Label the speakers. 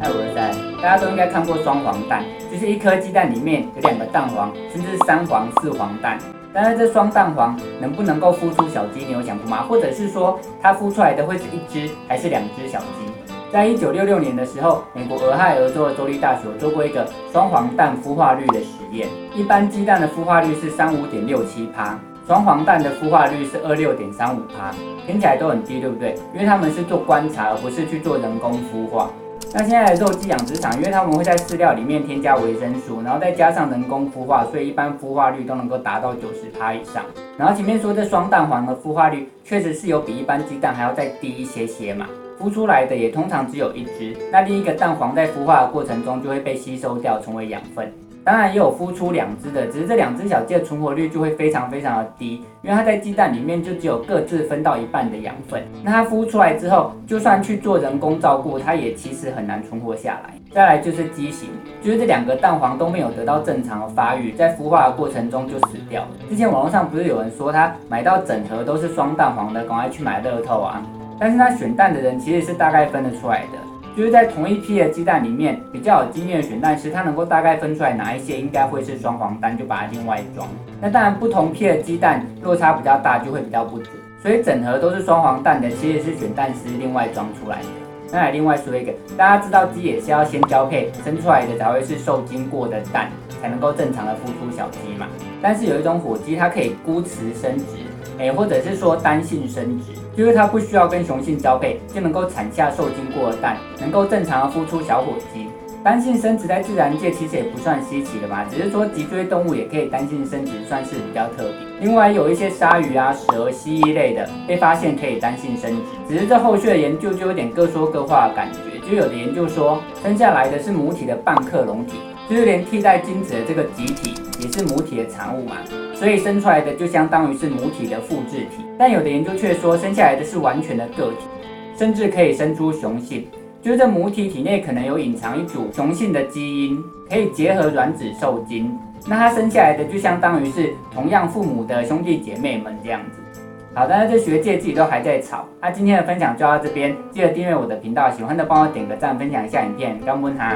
Speaker 1: 哎，我在，大家都應該看過雙黃蛋，就是一顆雞蛋裡面有兩個蛋黃，甚至三黃、四黃蛋。但是這雙蛋黃能不能夠孵出小雞，你有想過嗎？或者是說，它孵出來的會是一隻還是兩隻小雞？在一九六六年的時候，美國俄亥俄州的州立大學做過一個雙黃蛋孵化率的實驗。一般雞蛋的孵化率是三五點六七趴，雙黃蛋的孵化率是二六點三五趴，聽起來都很低，對不對？因為他們是做觀察，而不是去做人工孵化。那現在的肉雞養殖場，因為它們會在飼料裡面添加維生素，然後再加上人工孵化，所以一般孵化率都能夠達到九十趴以上。然後前面說這雙蛋黃的孵化率確實是有比一般雞蛋還要再低一些些嘛，孵出來的也通常只有一隻。那另一個蛋黃在孵化的過程中就會被吸收掉，成為養分。當然也有孵出兩隻的，只是這兩隻小雞的存活率就會非常非常的低，因為它在雞蛋裡面就只有各自分到一半的養分，那它孵出來之後，就算去做人工照顧，它也其實很難存活下來。再來就是畸形，就是這兩個蛋黃都沒有得到正常的發育，在孵化的過程中就死掉了。之前網絡上不是有人說他買到整盒都是雙蛋黃的，趕快去買樂透啊，但是他選蛋的人其實是大概分得出來的。就是在同一批的雞蛋裡面，比較有經驗的選蛋師，他能夠大概分出來哪一些應該會是雙黃蛋，就把它另外裝。那當然不同批的雞蛋落差比較大，就會比較不準。所以整盒都是雙黃蛋的，其實也是選蛋師另外裝出來的。那另外說一個，大家知道雞也是要先交配，生出來的才會是受精過的蛋，才能夠正常的孵出小雞嘛。但是有一種火雞，它可以孤雌生殖。誒、欸，或者是說單性生殖，就是它不需要跟雄性交配就能夠產下受精過的蛋，能夠正常的孵出小火雞。單性生殖在自然界其實也不算稀奇的吧，只是說脊椎動物也可以單性生殖，算是比較特別。另外有一些鯊魚啊、蛇、蜥蜴類的被發現可以單性生殖，只是這後續的研究就有點各說各話的感覺，就有的研究說生下來的是母體的半克隆體，就是連替代精子的這個集體也是母體的產物嘛。所以生出來的就相當於是母體的複製體，但有的研究卻說生下來的是完全的個體，甚至可以生出雄性，就是這母體體內可能有隱藏一組雄性的基因，可以結合卵子受精，那它生下來的就相當於是同樣父母的兄弟姐妹們這樣子。好的，這學界自己都還在吵，那、啊、今天的分享就到這邊，記得訂閱我的頻道，喜歡的幫我點個讚，分享一下影片，感恩哈。